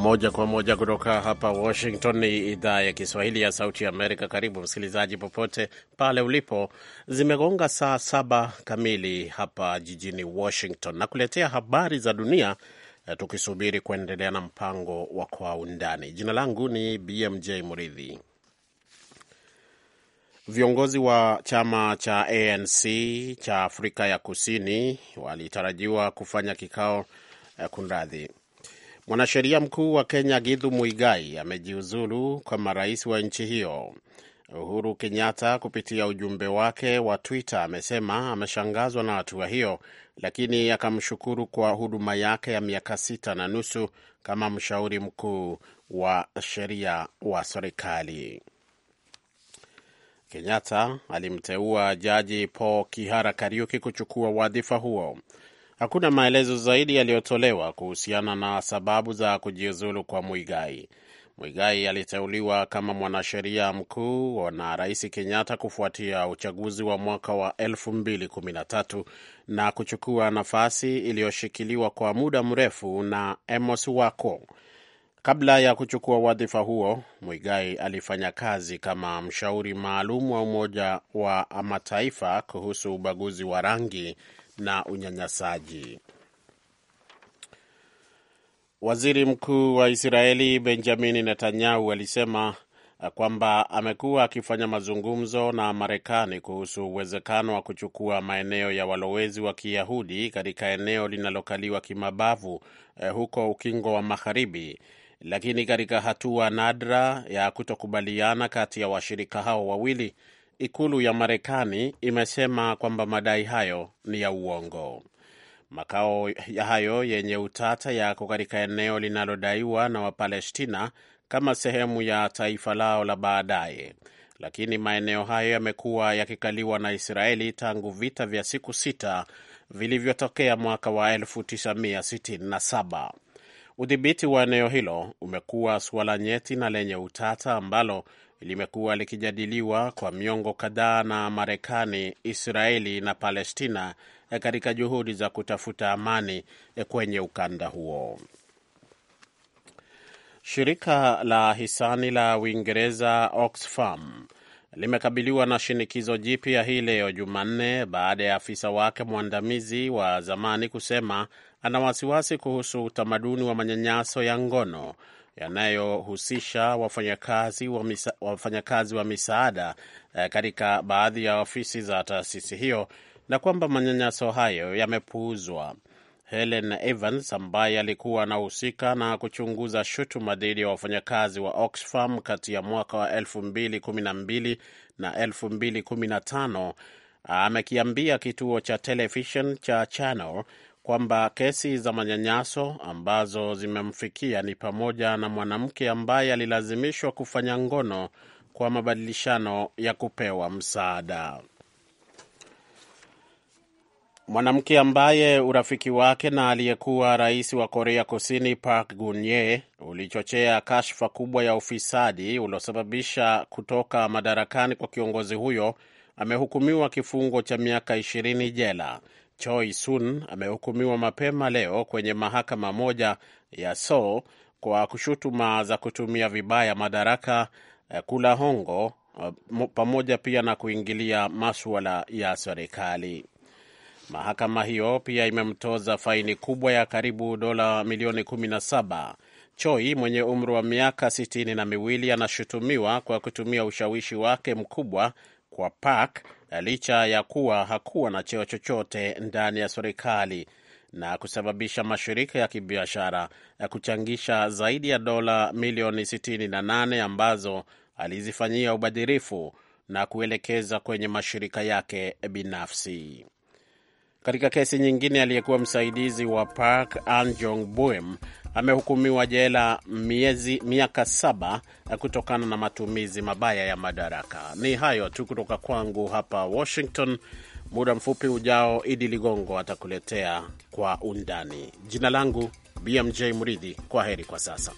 moja kwa moja kutoka hapa Washington. Ni idhaa ya Kiswahili ya Sauti ya Amerika. Karibu msikilizaji, popote pale ulipo. Zimegonga saa saba kamili hapa jijini Washington na kuletea habari za dunia, eh, tukisubiri kuendelea na mpango wa Kwa Undani. Jina langu ni BMJ Muridhi. Viongozi wa chama cha ANC cha Afrika ya Kusini walitarajiwa kufanya kikao eh, kunradhi Mwanasheria mkuu wa Kenya Githu Muigai amejiuzulu kama rais wa nchi hiyo. Uhuru Kenyatta kupitia ujumbe wake wa Twitter amesema ameshangazwa na hatua hiyo, lakini akamshukuru kwa huduma yake ya miaka sita na nusu kama mshauri mkuu wa sheria wa serikali. Kenyatta alimteua jaji Paul Kihara Kariuki kuchukua wadhifa huo. Hakuna maelezo zaidi yaliyotolewa kuhusiana na sababu za kujiuzulu kwa Mwigai. Mwigai aliteuliwa kama mwanasheria mkuu na Rais Kenyatta kufuatia uchaguzi wa mwaka wa 2013 na kuchukua nafasi iliyoshikiliwa kwa muda mrefu na Amos Wako. Kabla ya kuchukua wadhifa huo, Mwigai alifanya kazi kama mshauri maalum wa Umoja wa Mataifa kuhusu ubaguzi wa rangi na unyanyasaji. Waziri Mkuu wa Israeli Benjamin Netanyahu alisema eh, kwamba amekuwa akifanya mazungumzo na Marekani kuhusu uwezekano wa kuchukua maeneo ya walowezi wa Kiyahudi katika eneo linalokaliwa kimabavu eh, huko Ukingo wa Magharibi, lakini katika hatua nadra ya kutokubaliana kati ya washirika hao wawili Ikulu ya Marekani imesema kwamba madai hayo ni ya uongo. Makao ya hayo yenye utata yako katika eneo linalodaiwa na Wapalestina kama sehemu ya taifa lao la baadaye, lakini maeneo hayo yamekuwa yakikaliwa na Israeli tangu vita vya siku sita vilivyotokea mwaka wa 1967. Udhibiti wa eneo hilo umekuwa suala nyeti na lenye utata ambalo limekuwa likijadiliwa kwa miongo kadhaa na Marekani, Israeli na Palestina eh, katika juhudi za kutafuta amani eh, kwenye ukanda huo. Shirika la hisani la Uingereza Oxfam limekabiliwa na shinikizo jipya hii leo Jumanne baada ya afisa wake mwandamizi wa zamani kusema ana wasiwasi kuhusu utamaduni wa manyanyaso ya ngono yanayohusisha wafanyakazi wa, misa, wafanyakazi wa misaada eh, katika baadhi ya ofisi za taasisi hiyo na kwamba manyanyaso hayo yamepuuzwa. Helen Evans ambaye alikuwa anahusika na kuchunguza shutuma dhidi ya wafanyakazi wa Oxfam kati ya mwaka wa 2012 na 2015 amekiambia kituo cha televishen cha Channel kwamba kesi za manyanyaso ambazo zimemfikia ni pamoja na mwanamke ambaye alilazimishwa kufanya ngono kwa mabadilishano ya kupewa msaada. Mwanamke ambaye urafiki wake na aliyekuwa rais wa Korea Kusini Park Geun-hye ulichochea kashfa kubwa ya ufisadi uliosababisha kutoka madarakani kwa kiongozi huyo amehukumiwa kifungo cha miaka ishirini jela. Choi Sun amehukumiwa mapema leo kwenye mahakama moja ya Seoul kwa kushutuma za kutumia vibaya madaraka, eh, kula hongo, eh, pamoja pia na kuingilia maswala ya serikali. Mahakama hiyo pia imemtoza faini kubwa ya karibu dola milioni 17. Choi mwenye umri wa miaka sitini na miwili anashutumiwa kwa kutumia ushawishi wake mkubwa kwa Park licha ya kuwa hakuwa na cheo chochote ndani ya serikali na kusababisha mashirika ya kibiashara ya kuchangisha zaidi ya dola milioni 68 ambazo alizifanyia ubadhirifu na kuelekeza kwenye mashirika yake binafsi. Katika kesi nyingine, aliyekuwa msaidizi wa Park anjong Buem amehukumiwa jela miezi miaka saba kutokana na matumizi mabaya ya madaraka. Ni hayo tu kutoka kwangu hapa Washington. Muda mfupi ujao, Idi Ligongo atakuletea kwa undani. Jina langu BMJ Muridhi, kwa heri kwa sasa.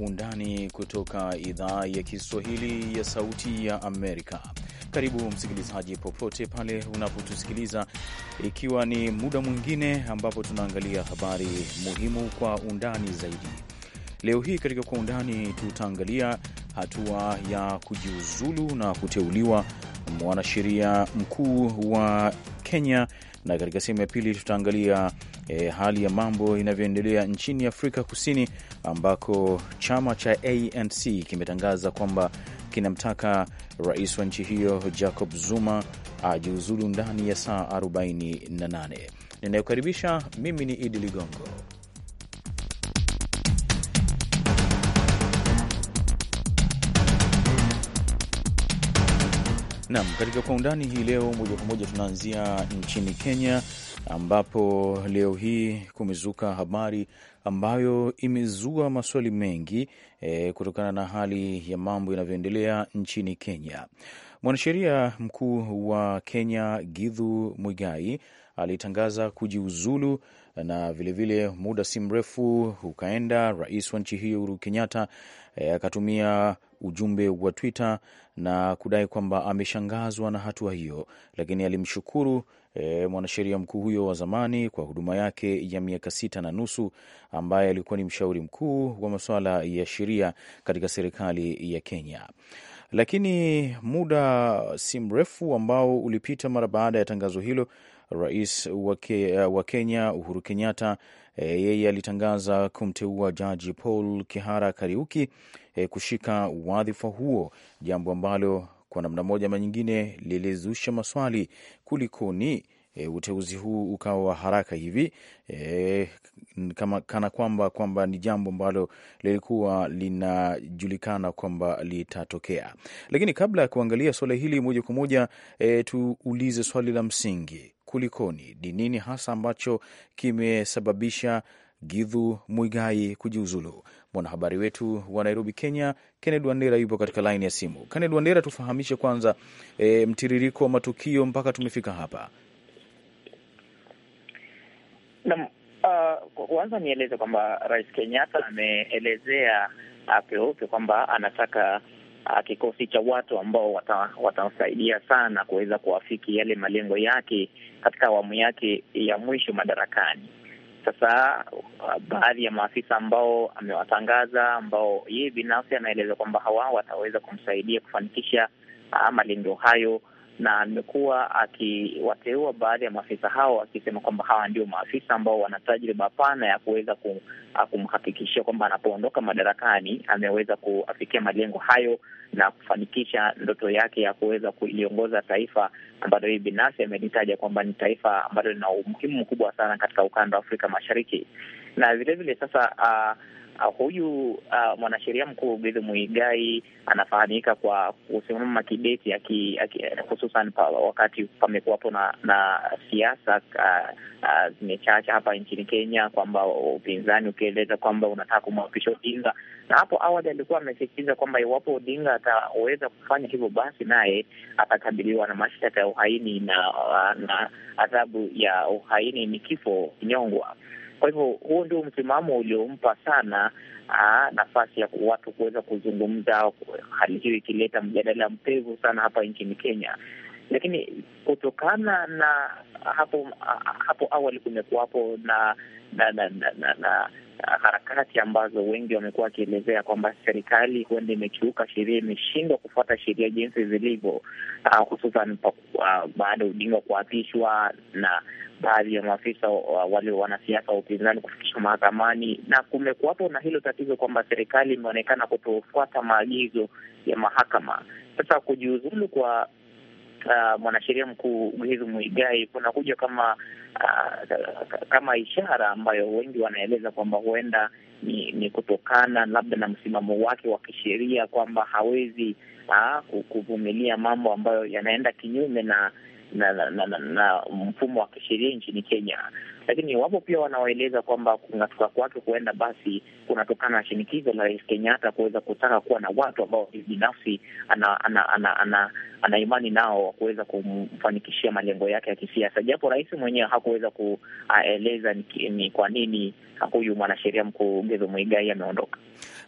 undani kutoka idhaa ya Kiswahili ya Sauti ya Amerika. Karibu msikilizaji, popote pale unapotusikiliza, ikiwa ni muda mwingine ambapo tunaangalia habari muhimu kwa undani zaidi. Leo hii katika kwa undani tutaangalia hatua ya kujiuzulu na kuteuliwa mwanasheria mkuu wa Kenya, na katika sehemu ya pili tutaangalia e, hali ya mambo inavyoendelea nchini Afrika Kusini ambako chama cha ANC kimetangaza kwamba kinamtaka rais wa nchi hiyo Jacob Zuma ajiuzulu ndani ya saa 48. Ninayokaribisha mimi ni Idi Ligongo. nam katika kwa undani hii leo, moja kwa moja tunaanzia nchini Kenya ambapo leo hii kumezuka habari ambayo imezua maswali mengi e, kutokana na hali ya mambo yanavyoendelea nchini Kenya. Mwanasheria mkuu wa Kenya Githu mwigai alitangaza kujiuzulu na vilevile vile, muda si mrefu ukaenda, rais wa nchi hiyo Uhuru Kenyatta eh, akatumia ujumbe wa Twitter na kudai kwamba ameshangazwa na hatua hiyo, lakini alimshukuru e, mwanasheria mkuu huyo wa zamani kwa huduma yake ya miaka sita na nusu ambaye alikuwa ni mshauri mkuu wa masuala ya sheria katika serikali ya Kenya. Lakini muda si mrefu ambao ulipita mara baada ya tangazo hilo rais wa Kenya Uhuru Kenyatta e, yeye alitangaza kumteua Jaji Paul Kihara Kariuki e, kushika wadhifa huo, jambo ambalo kwa namna moja ama nyingine lilizusha maswali, kulikoni E, uteuzi huu ukawa wa haraka hivi e, kama, kana kwamba kwamba ni jambo ambalo lilikuwa linajulikana kwamba litatokea. Lakini kabla ya kuangalia suala hili moja kwa moja, e, tuulize swali la msingi: kulikoni? Ni nini hasa ambacho kimesababisha Githu Muigai kujiuzulu? Mwanahabari wetu wa Nairobi, Kenya, Kennedy Wandera yupo katika laini ya simu. Kennedy Wandera, tufahamishe kwanza e, mtiririko wa matukio mpaka tumefika hapa. Naam, uh, kwanza nieleze kwamba Rais Kenyatta ameelezea peupe kwamba anataka uh, kikosi cha watu ambao watamsaidia wata sana kuweza kuwafiki yale malengo yake katika awamu yake ya mwisho madarakani. Sasa uh, baadhi ya maafisa ambao amewatangaza ambao yeye binafsi anaeleza kwamba hawa wataweza kumsaidia kufanikisha uh, malengo hayo na amekuwa akiwateua baadhi ya maafisa hao akisema kwamba hawa ndio maafisa ambao wana tajriba pana ya kuweza ah, kumhakikishia kwamba anapoondoka madarakani ameweza kuafikia malengo hayo na kufanikisha ndoto yake ya kuweza kuliongoza taifa ambalo hii binafsi amelitaja kwamba ni taifa ambalo lina umuhimu mkubwa sana katika ukanda wa Afrika Mashariki na vilevile vile sasa uh, uh, huyu uh, mwanasheria mkuu Githu Muigai anafahamika kwa kusimama kideti aki, aki, hususan pa, wakati pamekuwapo na, na siasa uh, uh, zimechacha hapa nchini Kenya kwamba upinzani ukieleza kwamba unataka kumwapisha Odinga, na hapo awali alikuwa amesisitiza kwamba iwapo Odinga ataweza kufanya hivyo, basi naye atakabiliwa na mashtaka ya uhaini na, na adhabu ya uhaini ni kifo nyongwa kwa hivyo huo ndio msimamo uliompa sana aa, ah, nafasi ya watu kuweza kuzungumza, hali hiyo ikileta mjadala mpevu sana hapa nchini Kenya. Lakini kutokana na hapo ah, hapo awali kumekuwapo na na na, na, na, na harakati ambazo wengi wamekuwa wakielezea kwamba serikali huenda imekiuka sheria, imeshindwa kufuata sheria jinsi zilivyo, uh, hususan uh, baada ya Odinga kuapishwa na baadhi ya maafisa wale wanasiasa wa upinzani kufikishwa mahakamani, na kumekuwapo na hilo tatizo kwamba serikali imeonekana kutofuata maagizo ya mahakama. Sasa kujiuzulu kwa Uh, mwanasheria mkuu Githu Muigai kunakuja kama uh, kama ishara ambayo wengi wanaeleza kwamba huenda ni, ni kutokana labda na msimamo wake wa kisheria kwamba hawezi uh, kuvumilia mambo ambayo yanaenda kinyume na na, na, na, na, na mfumo wa kisheria nchini Kenya. Lakini wapo pia wanaoeleza kwamba kung'atuka kwake kuenda basi kunatokana na shinikizo la Rais Kenyatta kuweza kutaka kuwa na watu ambao binafsi ana, ana, ana, ana, ana imani nao wa kuweza kumfanikishia malengo yake ya kisiasa, japo rais mwenyewe hakuweza kueleza ni, kwa nini huyu mwanasheria mkuu Gezo Muigai ameondoka.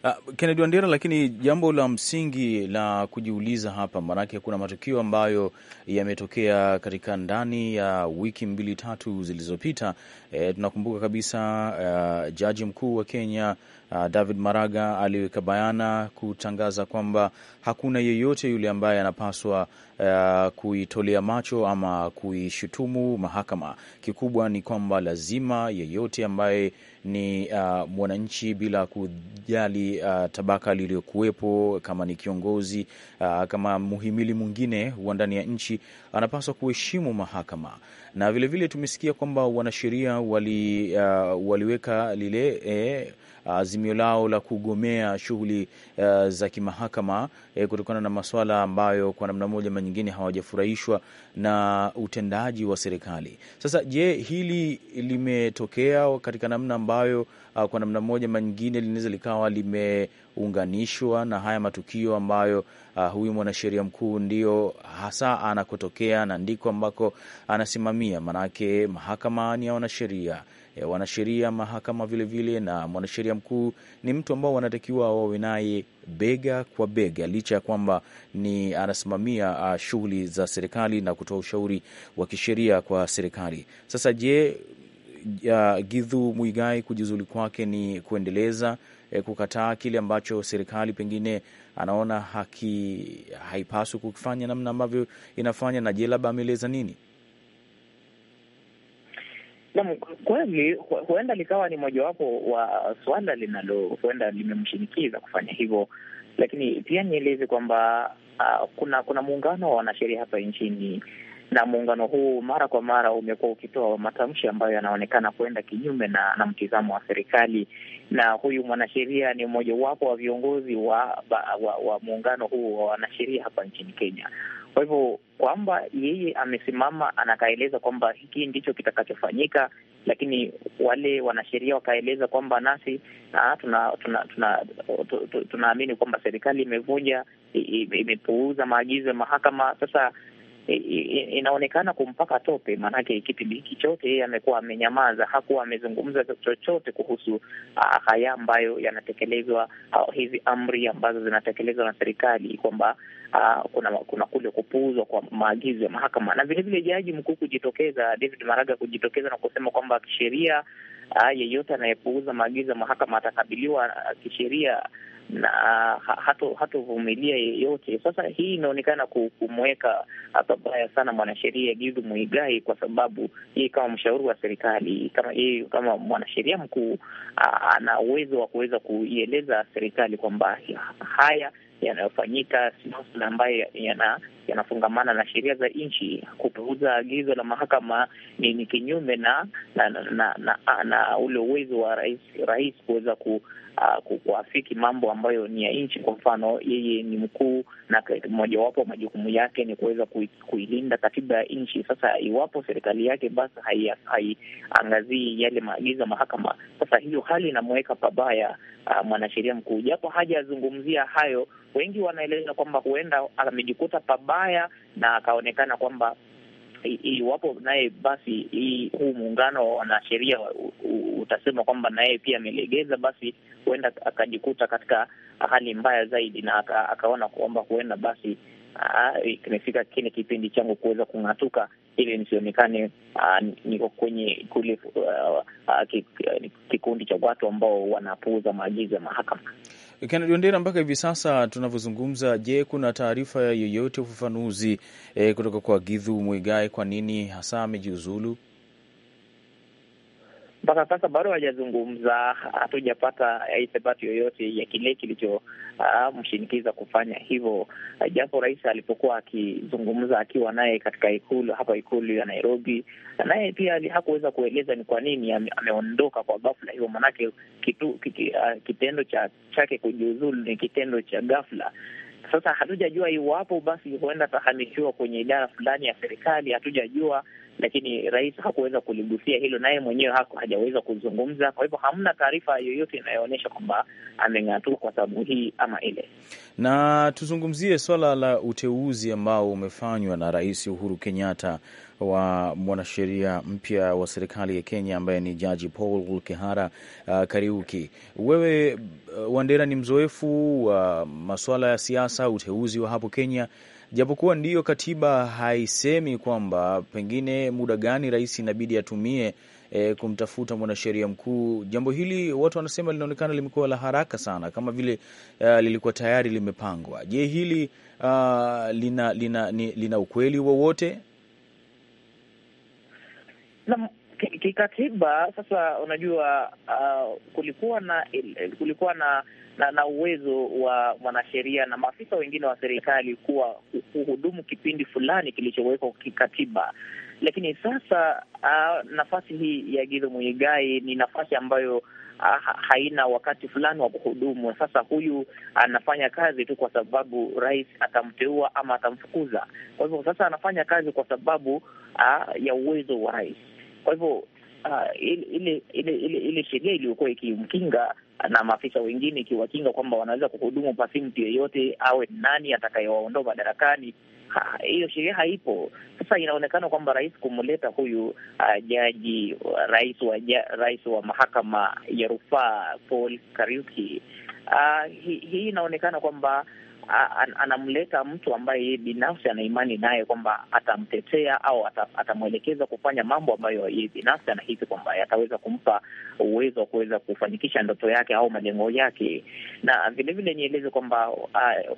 Uh, Kennedy Wandera, lakini jambo la msingi la kujiuliza hapa, maanake kuna matukio ambayo yametokea katika ndani ya wiki mbili tatu zilizopita E, tunakumbuka kabisa uh, jaji mkuu wa Kenya Ah, David Maraga aliweka bayana kutangaza kwamba hakuna yeyote yule ambaye anapaswa uh, kuitolea macho ama kuishutumu mahakama. Kikubwa ni kwamba lazima yeyote ambaye ni uh, mwananchi bila kujali uh, tabaka lililokuwepo, kama ni kiongozi uh, kama muhimili mwingine wa ndani ya nchi anapaswa kuheshimu mahakama. Na vilevile vile tumesikia kwamba wanasheria wali, uh, waliweka lile eh, azimio lao la kugomea shughuli uh, za kimahakama eh, kutokana na masuala ambayo kwa namna moja ama nyingine hawajafurahishwa na utendaji wa serikali. Sasa je, hili limetokea katika namna ambayo uh, kwa namna moja ama nyingine linaweza likawa limeunganishwa na haya matukio ambayo uh, huyu mwanasheria mkuu ndio hasa anakotokea na ndiko ambako anasimamia, maanake mahakama ni ya wanasheria e, wanasheria mahakama vilevile vile, na mwanasheria mkuu ni mtu ambao wanatakiwa wawe naye bega kwa bega, licha ya kwamba ni anasimamia shughuli za serikali na kutoa ushauri wa kisheria kwa serikali. Sasa je, ya Githu Mwigai kujiuzulu kwake ni kuendeleza eh, kukataa kile ambacho serikali pengine anaona haki haipaswi kukifanya namna ambavyo inafanya, na je, labda ameeleza nini? Naam, kweli huenda likawa ni mojawapo wa suala linalo huenda limemshinikiza kufanya hivyo, lakini pia nieleze kwamba uh, kuna kuna muungano wa wanasheria hapa nchini na muungano huu mara kwa mara umekuwa ukitoa matamshi ambayo yanaonekana kuenda kinyume na, na mtizamo wa serikali, na huyu mwanasheria ni mmojawapo wa viongozi wa, wa, wa muungano huu wa wanasheria hapa nchini Kenya. Kwa hivyo kwamba yeye amesimama anakaeleza kwamba hiki ndicho kitakachofanyika, lakini wale wanasheria wakaeleza kwamba nasi tunaamini tuna, tuna, tuna, tuna kwamba serikali imevunja imepuuza maagizo ya mahakama. Sasa inaonekana kumpaka tope, maanake kipindi hiki chote yeye amekuwa amenyamaza, hakuwa amezungumza chochote kuhusu haya ambayo yanatekelezwa, hizi amri ambazo zinatekelezwa na serikali kwamba uh, kuna, kuna kule kupuuzwa kwa maagizo ya mahakama na vilevile jaji mkuu kujitokeza, David Maraga kujitokeza na kusema kwamba kisheria uh, yeyote anayepuuza maagizo ya mahakama atakabiliwa ah, kisheria na hatovumilia yeyote. Sasa hii inaonekana kumweka pabaya sana mwanasheria Githu Muigai, kwa sababu yeye kama mshauri wa serikali, kama yeye kama mwanasheria mkuu, ana uwezo wa kuweza kuieleza serikali kwamba haya yanayofanyika si masuala ambayo yanafungamana na sheria za nchi. Kupuuza agizo la mahakama ni kinyume na na, na, na, na, na ule uwezo wa rais, rais kuweza ku Uh, kuafiki mambo ambayo ni ya nchi. Kwa mfano, yeye ni mkuu na mojawapo majukumu yake ni kuweza kuilinda katiba ya nchi. Sasa iwapo serikali yake basi haiangazii hai yale maagizo ya mahakama, sasa hiyo hali inamweka pabaya uh, mwanasheria mkuu, japo hajazungumzia hayo wengi wanaeleza kwamba huenda amejikuta pabaya na akaonekana kwamba iwapo naye basi huu muungano wa wanasheria utasema kwamba naye pia amelegeza, basi huenda akajikuta katika hali mbaya zaidi, na akaona kwamba huenda basi kimefika kile kipindi changu kuweza kung'atuka ili nisionekane uh, niko kwenye kule uh, uh, kikundi cha watu ambao wanapuuza maagizo ya mahakama. Kennedy Wandera, mpaka hivi sasa tunavyozungumza, je, kuna taarifa yoyote ufafanuzi eh, kutoka kwa Githu Mwigai kwa nini hasa amejiuzulu? mpaka sasa bado hajazungumza, hatujapata ithibati yoyote ya kile kilichomshinikiza ah, uh, kufanya hivyo, japo rais alipokuwa akizungumza akiwa naye katika ikulu hapa ikulu ya Nairobi, naye pia hakuweza kueleza ni kwa nini ameondoka kwa ghafla hivyo, maanake kitu, uh, kitendo cha chake kujiuzulu ni kitendo cha ghafla. Sasa hatujajua iwapo basi huenda atahamishiwa kwenye idara fulani ya serikali, hatujajua lakini rais hakuweza kuligusia hilo, naye mwenyewe hako hajaweza kuzungumza. Kwa hivyo hamna taarifa yoyote inayoonyesha kwamba ameng'atuka kwa sababu hii ama ile. Na tuzungumzie swala la uteuzi ambao umefanywa na Rais Uhuru Kenyatta wa mwanasheria mpya wa serikali ya Kenya ambaye ni Jaji Paul Kihara uh, Kariuki. Wewe uh, Wandera, ni mzoefu wa uh, masuala ya siasa, uteuzi wa hapo Kenya japokuwa ndiyo katiba haisemi kwamba pengine muda gani rais inabidi atumie e, kumtafuta mwanasheria mkuu. Jambo hili watu wanasema linaonekana limekuwa la haraka sana, kama vile uh, lilikuwa tayari limepangwa. Je, hili uh, lina, lina, ni, lina ukweli wowote? Kikatiba sasa, unajua uh, kulikuwa na kulikuwa na na, na uwezo wa mwanasheria na maafisa wengine wa serikali kuwa kuhudumu kipindi fulani kilichowekwa kikatiba. Lakini sasa uh, nafasi hii ya Githu Muigai ni nafasi ambayo uh, haina wakati fulani wa kuhudumu. Sasa huyu anafanya kazi tu kwa sababu rais atamteua ama atamfukuza. Kwa hivyo sasa anafanya kazi kwa sababu uh, ya uwezo wa rais. Kwa hivyo ile ile ile sheria iliyokuwa ikimkinga na maafisa wengine ikiwakinga kwamba wanaweza kuhudumu pasi mtu yeyote awe nani atakayewaondoa madarakani. Hiyo ha, sheria haipo. Sasa inaonekana kwamba rais kumleta huyu uh, jaji rais wa ja, rais wa mahakama ya rufaa Paul Kariuki uh, hii hi inaonekana kwamba anamleta mtu ambaye yeye binafsi ana imani naye kwamba atamtetea au atamwelekeza kufanya mambo ambayo yeye binafsi anahisi kwamba yataweza kumpa uwezo wa kuweza kufanikisha ndoto yake au malengo yake. Na vilevile nieleze kwamba uh,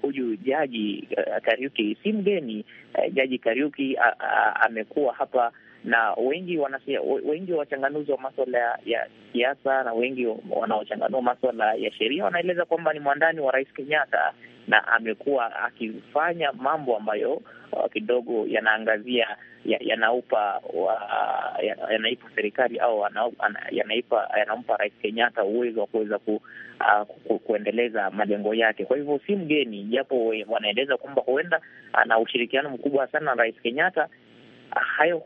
huyu jaji uh, Kariuki si mgeni uh, jaji Kariuki uh, uh, amekuwa hapa na wengi wanasia, wengi wachanganuzi wa maswala ya siasa na wengi wanaochanganua maswala ya sheria wanaeleza kwamba ni mwandani wa Rais Kenyatta na amekuwa akifanya mambo ambayo uh, kidogo yanaangazia yanaupa ya yanaipa ya serikali au yanaipa yanampa Rais Kenyatta uwezo wa kuweza ku, uh, ku, kuendeleza malengo yake. Kwa hivyo si mgeni, japo wanaeleza kwamba huenda ana ushirikiano mkubwa sana na Rais Kenyatta. Hayo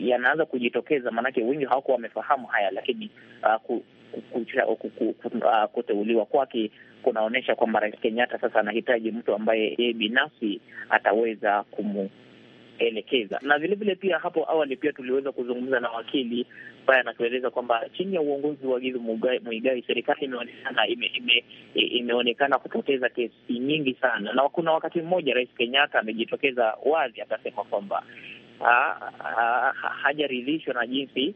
yanaanza kujitokeza, maanake wengi hawakuwa wamefahamu haya, lakini uh, ku, Ah, kuteuliwa kwake kunaonyesha kwamba Rais Kenyatta sasa anahitaji mtu ambaye yeye binafsi ataweza kumuelekeza. na vilevile pia hapo awali pia tuliweza kuzungumza na wakili ambaye anatueleza kwamba chini ya uongozi wa Githu Muigai serikali imeonekana ime, ime, imeonekana kupoteza kesi nyingi sana, na kuna wakati mmoja Rais Kenyatta amejitokeza wazi akasema kwamba hajaridhishwa na jinsi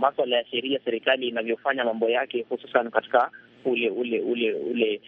maswala ya sheria serikali inavyofanya mambo yake, hususan katika ule ule ule ule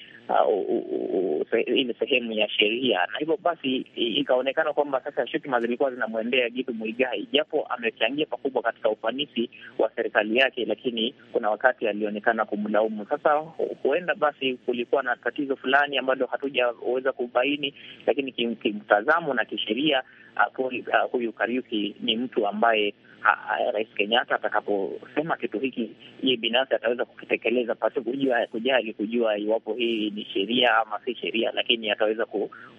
ile sehemu ya sheria, na hivyo basi ikaonekana kwamba sasa shutuma zilikuwa zinamwendea Githu Muigai, japo amechangia pakubwa katika ufanisi wa serikali yake, lakini kuna wakati alionekana kumlaumu. Sasa huenda basi kulikuwa na tatizo fulani ambalo hatujaweza kubaini, lakini kimtazamo na kisheria Ah, ah, huyu Kariuki ni mtu ambaye ah, Rais Kenyatta atakaposema kitu hiki, yeye binafsi ataweza kukitekeleza pasi kujua kujali kujua iwapo hii ni sheria ama si sheria, lakini ataweza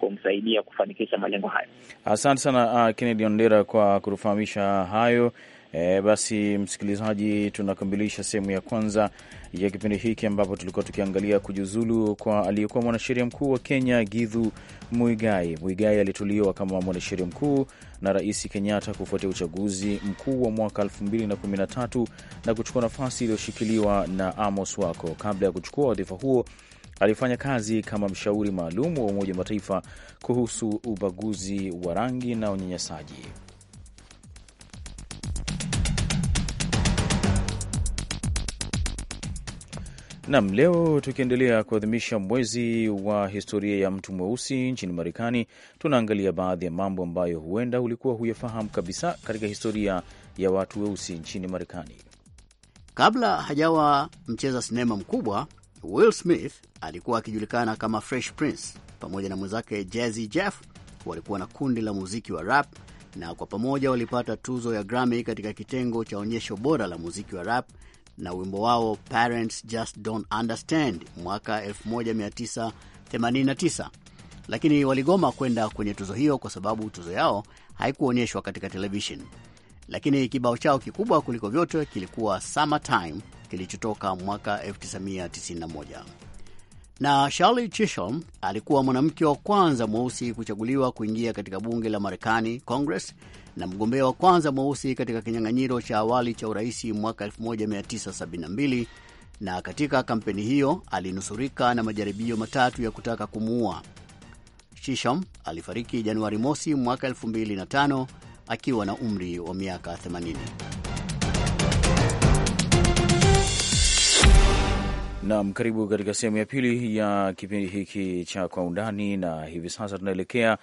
kumsaidia kufanikisha malengo hayo. Asante sana uh, Kennedy Ondera kwa kutufahamisha hayo. E, basi msikilizaji, tunakamilisha sehemu ya kwanza ya kipindi hiki ambapo tulikuwa tukiangalia kujiuzulu kwa aliyekuwa mwanasheria mkuu wa Kenya Githu Muigai. Muigai alituliwa kama mwanasheria mkuu na Rais Kenyatta kufuatia uchaguzi mkuu wa mwaka 2013 na kuchukua nafasi iliyoshikiliwa na Amos Wako. Kabla ya kuchukua wadhifa huo alifanya kazi kama mshauri maalum wa Umoja wa Mataifa kuhusu ubaguzi wa rangi na unyanyasaji. Nam, leo tukiendelea kuadhimisha mwezi wa historia ya mtu mweusi nchini Marekani, tunaangalia baadhi ya mambo ambayo huenda ulikuwa huyafahamu kabisa katika historia ya watu weusi nchini Marekani. Kabla hajawa mcheza sinema mkubwa, Will Smith alikuwa akijulikana kama Fresh Prince. Pamoja na mwenzake Jazzy Jeff walikuwa na kundi la muziki wa rap, na kwa pamoja walipata tuzo ya Grammy katika kitengo cha onyesho bora la muziki wa rap na wimbo wao Parents Just Don't Understand mwaka 1989, lakini waligoma kwenda kwenye tuzo hiyo kwa sababu tuzo yao haikuonyeshwa katika televishen Lakini kibao chao kikubwa kuliko vyote kilikuwa Summertime kilichotoka mwaka 1991 na Shirley Chisholm alikuwa mwanamke wa kwanza mweusi kuchaguliwa kuingia katika bunge la Marekani, Congress, na mgombea wa kwanza mweusi katika kinyang'anyiro cha awali cha uraisi mwaka 1972 na katika kampeni hiyo alinusurika na majaribio matatu ya kutaka kumuua. Chisholm alifariki Januari mosi mwaka 2005 akiwa na umri wa miaka 80. Naam, karibu katika sehemu ya pili ya kipindi hiki cha Kwa Undani, na hivi sasa tunaelekea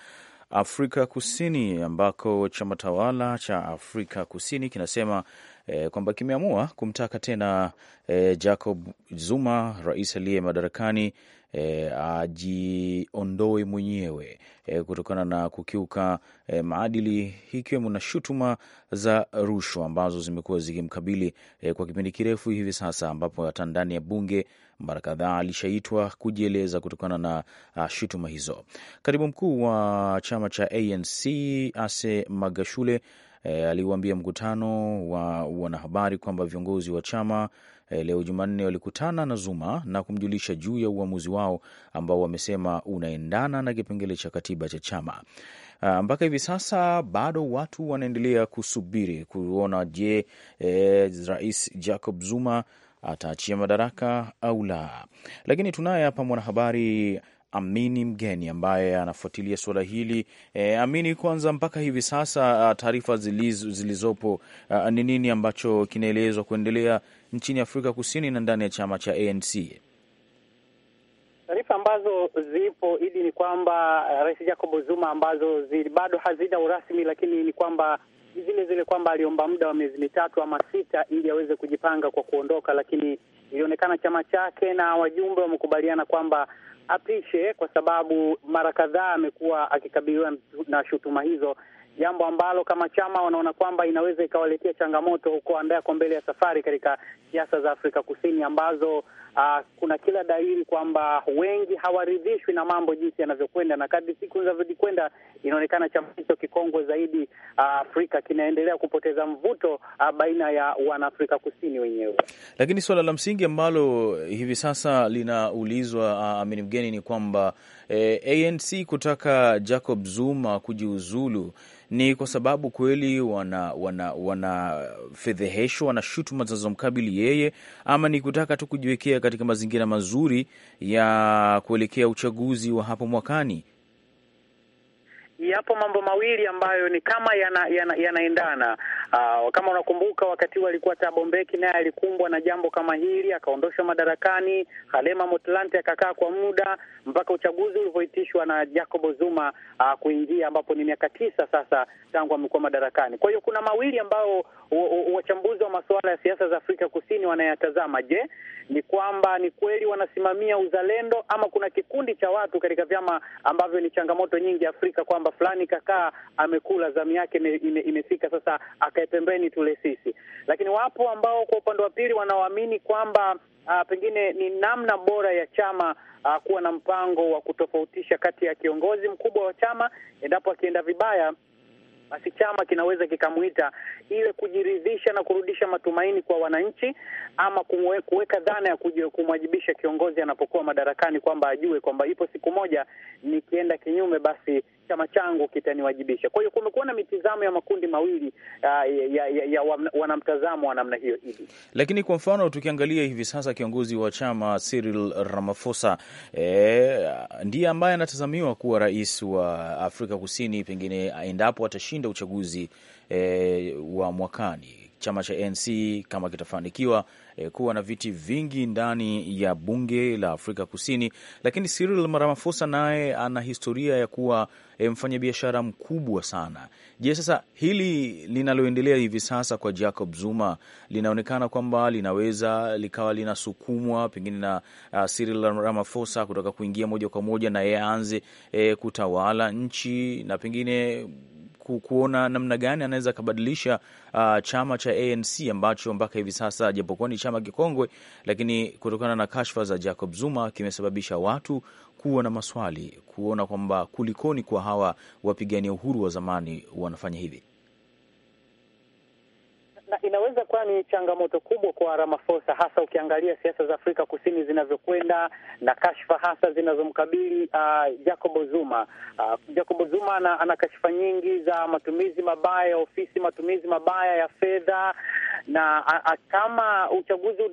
Afrika Kusini ambako chama tawala cha Afrika Kusini kinasema e, kwamba kimeamua kumtaka tena e, Jacob Zuma, rais aliye madarakani e, ajiondoe mwenyewe e, kutokana na kukiuka e, maadili ikiwemo na shutuma za rushwa ambazo zimekuwa zikimkabili e, kwa kipindi kirefu hivi sasa, ambapo hata ndani ya bunge mara kadhaa alishaitwa kujieleza kutokana na shutuma hizo. Katibu mkuu wa chama cha ANC Ase Magashule e, aliuambia mkutano wa wanahabari kwamba viongozi wa chama E, leo Jumanne walikutana na Zuma na kumjulisha juu ya uamuzi wao ambao wamesema unaendana na kipengele cha katiba cha chama. E, mpaka hivi sasa bado watu wanaendelea kusubiri kuona, je, eh, Rais Jacob Zuma ataachia madaraka au la. Lakini tunaye hapa mwanahabari Amini Mgeni ambaye anafuatilia suala hili. E, Amini, kwanza mpaka hivi sasa taarifa zilizopo ni nini ambacho kinaelezwa kuendelea nchini Afrika Kusini na ndani ya chama cha ANC. Taarifa ambazo zipo idi ni kwamba eh, Rais Jacob Zuma ambazo zi, bado hazina urasmi, lakini ni kwamba zile zile kwamba aliomba muda wa miezi mitatu ama sita ili aweze kujipanga kwa kuondoka, lakini ilionekana chama chake na wajumbe wamekubaliana kwamba apishe, kwa sababu mara kadhaa amekuwa akikabiliwa na shutuma hizo jambo ambalo kama chama wanaona kwamba inaweza ikawaletea changamoto kuandaa kwa mbele ya safari katika siasa za Afrika Kusini ambazo uh, kuna kila dalili kwamba wengi hawaridhishwi na mambo jinsi yanavyokwenda, na kadri siku kwenda, inaonekana chama hicho kikongwe zaidi uh, Afrika kinaendelea kupoteza mvuto uh, baina ya wanaafrika kusini wenyewe. Lakini suala la msingi ambalo hivi sasa linaulizwa uh, Amin Mgeni ni kwamba eh, ANC kutaka Jacob Zuma kujiuzulu ni kwa sababu kweli wanafedheheshwa wana, wana na shutuma zinazomkabili yeye ama ni kutaka tu kujiwekea katika mazingira mazuri ya kuelekea uchaguzi wa hapo mwakani? Yapo mambo mawili ambayo ni kama yanaendana yana, yana Uh, kama unakumbuka wakati huu alikuwa Thabo Mbeki naye alikumbwa na jambo kama hili, akaondoshwa madarakani. Halema Motlanthe akakaa kwa muda mpaka uchaguzi ulivyoitishwa na Jacob Zuma uh, kuingia, ambapo ni miaka tisa sasa tangu amekuwa madarakani. Kwa hiyo kuna mawili ambayo wachambuzi wa masuala ya siasa za Afrika Kusini wanayatazama. Je, ni kwamba ni kweli wanasimamia uzalendo ama kuna kikundi cha watu katika vyama ambavyo ni changamoto nyingi Afrika kwamba fulani kakaa amekula zamu yake imefika sasa tukae pembeni tule sisi. Lakini wapo ambao kwa upande wa pili wanaoamini kwamba uh, pengine ni namna bora ya chama uh, kuwa na mpango wa kutofautisha kati ya kiongozi mkubwa wa chama endapo akienda vibaya basi chama kinaweza kikamwita ile kujiridhisha na kurudisha matumaini kwa wananchi, ama kuweka dhana ya kumwajibisha kiongozi anapokuwa madarakani, kwamba ajue kwamba ipo siku moja nikienda kinyume, basi chama changu kitaniwajibisha. Kwa hiyo kumekuwa na mitizamo ya makundi mawili ah, ya, ya, ya, ya wanamtazamo wa namna hiyo hivi. Lakini kwa mfano tukiangalia hivi sasa kiongozi wa chama Cyril Ramaphosa eh, ndiye ambaye anatazamiwa kuwa rais wa Afrika Kusini, pengine endapo atashinda kushinda uchaguzi e, wa mwakani, chama cha ANC kama kitafanikiwa e, kuwa na viti vingi ndani ya bunge la Afrika Kusini. Lakini Cyril Ramaphosa naye ana historia ya kuwa e, mfanyabiashara mkubwa sana. Je, sasa hili linaloendelea hivi sasa kwa Jacob Zuma linaonekana kwamba linaweza likawa linasukumwa pengine na uh, Cyril Ramaphosa kutaka kuingia moja kwa moja na yeye aanze e, kutawala nchi na pengine ku, kuona namna gani anaweza akabadilisha uh, chama cha ANC ambacho mpaka hivi sasa japokuwa ni chama kikongwe, lakini kutokana na kashfa za Jacob Zuma kimesababisha watu kuwa na maswali kuona kwamba kulikoni kwa hawa wapigania uhuru wa zamani wanafanya hivi na inaweza kuwa ni changamoto kubwa kwa Ramaphosa, hasa ukiangalia siasa za Afrika Kusini zinavyokwenda na kashfa hasa zinazomkabili uh, Jacobo Zuma. Uh, Jacobo Zuma ana, ana kashfa nyingi za matumizi mabaya ya ofisi, matumizi mabaya ya fedha na a, a, kama uchaguzi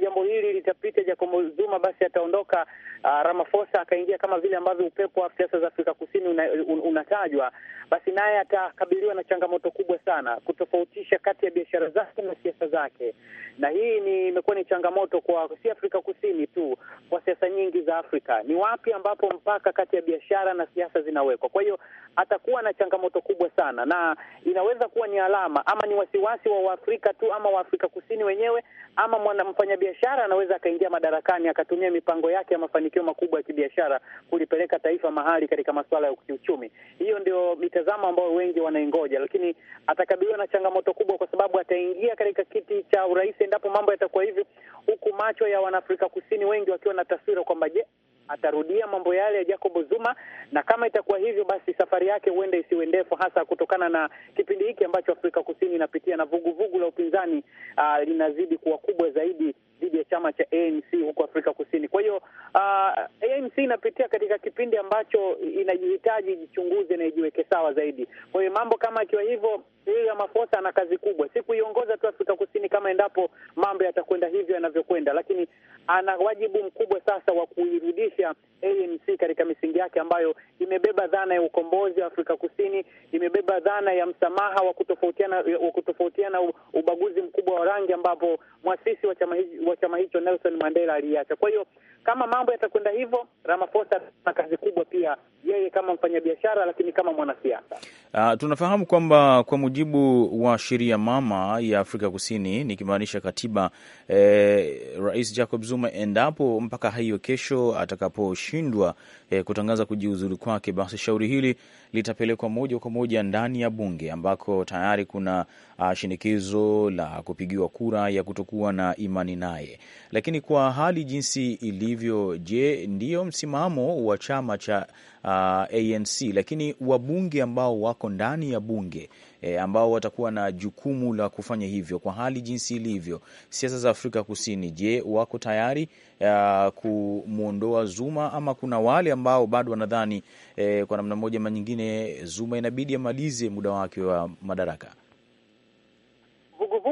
jambo hili litapita, Jacobo Zuma basi ataondoka, uh, Ramaphosa akaingia, kama vile ambavyo upepo wa siasa za Afrika Kusini una, un, unatajwa, basi naye atakabiliwa na changamoto kubwa sana kutofautisha kati ya biashara biashara zake na siasa zake, na hii ni imekuwa ni changamoto kwa si Afrika Kusini tu, kwa siasa nyingi za Afrika. Ni wapi ambapo mpaka kati ya biashara na siasa zinawekwa? Kwa hiyo atakuwa na changamoto kubwa sana, na inaweza kuwa ni alama ama ni wasiwasi wa Waafrika tu ama Waafrika Kusini wenyewe, ama mfanyabiashara anaweza akaingia madarakani akatumia mipango yake ya mafanikio makubwa ya kibiashara kulipeleka taifa mahali katika masuala ya kiuchumi. Hiyo ndio mitazamo ambayo wengi wanaingoja, lakini atakabiliwa na changamoto kubwa kwa sababu ataingia katika kiti cha urais endapo mambo yatakuwa hivi, huku macho ya Wanaafrika Kusini wengi wakiwa na taswira kwamba je, atarudia mambo yale ya Jacob Zuma, na kama itakuwa hivyo, basi safari yake huenda isiwe ndefu, hasa kutokana na kipindi hiki ambacho Afrika Kusini inapitia na vuguvugu vugu la upinzani uh, linazidi kuwa kubwa zaidi dhidi ya chama cha ANC huko Afrika Kusini. Kwa hiyo uh, ANC inapitia katika kipindi ambacho inajihitaji ijichunguze na ijiweke sawa zaidi. Kwa hiyo mambo kama akiwa hivyo, yeye Ramaphosa ana kazi kubwa, si kuiongoza tu Afrika Kusini kama endapo mambo yatakwenda hivyo yanavyokwenda, lakini ana wajibu mkubwa sasa wa kuirudisha ANC katika misingi yake ambayo imebeba dhana ya ukombozi wa Afrika Kusini, imebeba dhana ya msamaha wa kutofautiana, wa kutofautiana ubaguzi mkubwa wa rangi ambapo mwasisi wa chama hicho Nelson Mandela aliacha. Kwa hiyo kama mambo yatakwenda hivyo, Ramaphosa ana kazi kubwa pia yeye kama mfanyabiashara, lakini kama mwanasiasa. Uh, tunafahamu kwamba kwa mujibu wa sheria mama ya Afrika Kusini, nikimaanisha katiba eh, Rais Jacob Zuma endapo mpaka hiyo kesho atakaposhindwa eh, kutangaza kujiuzulu kwake, basi shauri hili litapelekwa moja kwa moja ndani ya bunge ambako tayari kuna uh, shinikizo la kupigiwa kura ya kutokuwa na imani naye. Lakini kwa hali jinsi ilivyo, je, ndiyo msimamo wa chama cha uh, ah, ANC? Lakini wabunge ambao wako ndani ya bunge e, ambao watakuwa na jukumu la kufanya hivyo. Kwa hali jinsi ilivyo siasa za Afrika Kusini, je, wako tayari e, kumwondoa Zuma ama kuna wale ambao bado wanadhani e, kwa namna moja ama nyingine Zuma inabidi amalize muda wake wa madaraka?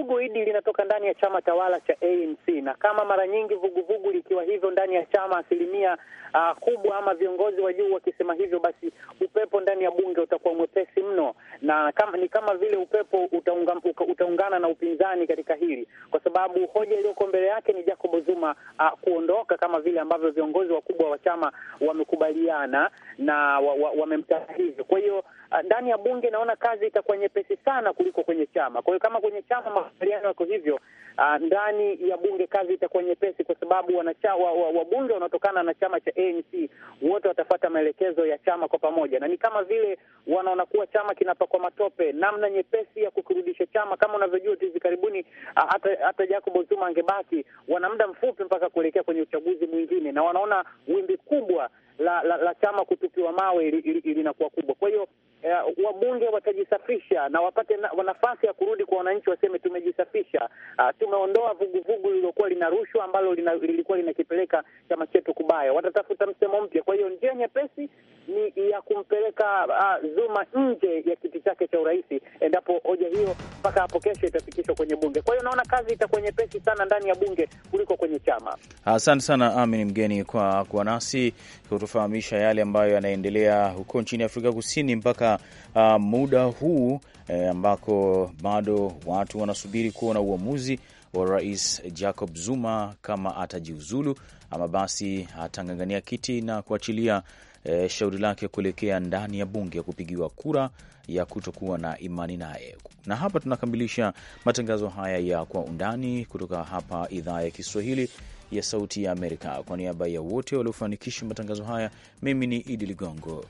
vuguvugu hili linatoka ndani ya chama tawala cha ANC, na kama mara nyingi vuguvugu likiwa hivyo ndani ya chama, asilimia uh, kubwa ama viongozi wa juu wakisema hivyo, basi upepo ndani ya bunge utakuwa mwepesi mno, na kama, ni kama vile upepo utaunga, utaungana na upinzani katika hili, kwa sababu hoja iliyoko mbele yake ni Jacob Zuma uh, kuondoka kama vile ambavyo viongozi wakubwa wa chama wamekubaliana na wamemtaka wa, wa hivyo. Kwa hiyo Ah, ndani ya bunge naona kazi itakuwa nyepesi sana kuliko kwenye chama. Kwa hiyo kama kwenye chama makubaliano yako hivyo, ah, ndani ya bunge kazi itakuwa nyepesi, kwa sababu wanachama wabunge wanaotokana na chama cha ANC wote watafata maelekezo ya chama kwa pamoja, na ni kama vile wanaona kuwa chama kinapakwa matope, namna nyepesi ya kukirudisha chama. Kama unavyojua tu hivi karibuni ah, hata hata Jacob Zuma angebaki, wana muda mfupi mpaka kuelekea kwenye uchaguzi mwingine, na wanaona wimbi kubwa la, la, la chama kutupiwa mawe linakuwa kubwa. Kwa hiyo eh, wabunge watajisafisha na wapate na, nafasi ya kurudi kwa wananchi, waseme tumejisafisha, ah, tumeondoa vuguvugu lililokuwa lina rushwa ambalo lilikuwa linakipeleka chama chetu kubaya. Watatafuta msemo mpya. Kwa hiyo njia nyepesi ni ya kumpeleka ah, Zuma nje ya kiti chake cha urais, endapo hoja hiyo mpaka hapo kesho itafikishwa kwenye bunge. Kwa hiyo naona kazi itakuwa nyepesi sana ndani ya bunge kuliko kwenye chama. Asante sana Amin Mgeni kwa kuwa nasi kutufahamisha yale ambayo yanaendelea huko nchini Afrika Kusini mpaka uh, muda huu e, ambako bado watu wanasubiri kuona uamuzi wa Rais Jacob Zuma kama atajiuzulu ama basi atang'ang'ania kiti na kuachilia e, shauri lake kuelekea ndani ya bunge ya kupigiwa kura ya kutokuwa na imani naye. Na hapa tunakamilisha matangazo haya ya Kwa Undani kutoka hapa idhaa ya Kiswahili ya Sauti ya Amerika. Kwa niaba ya wote waliofanikisha matangazo haya, mimi ni Idi Ligongo.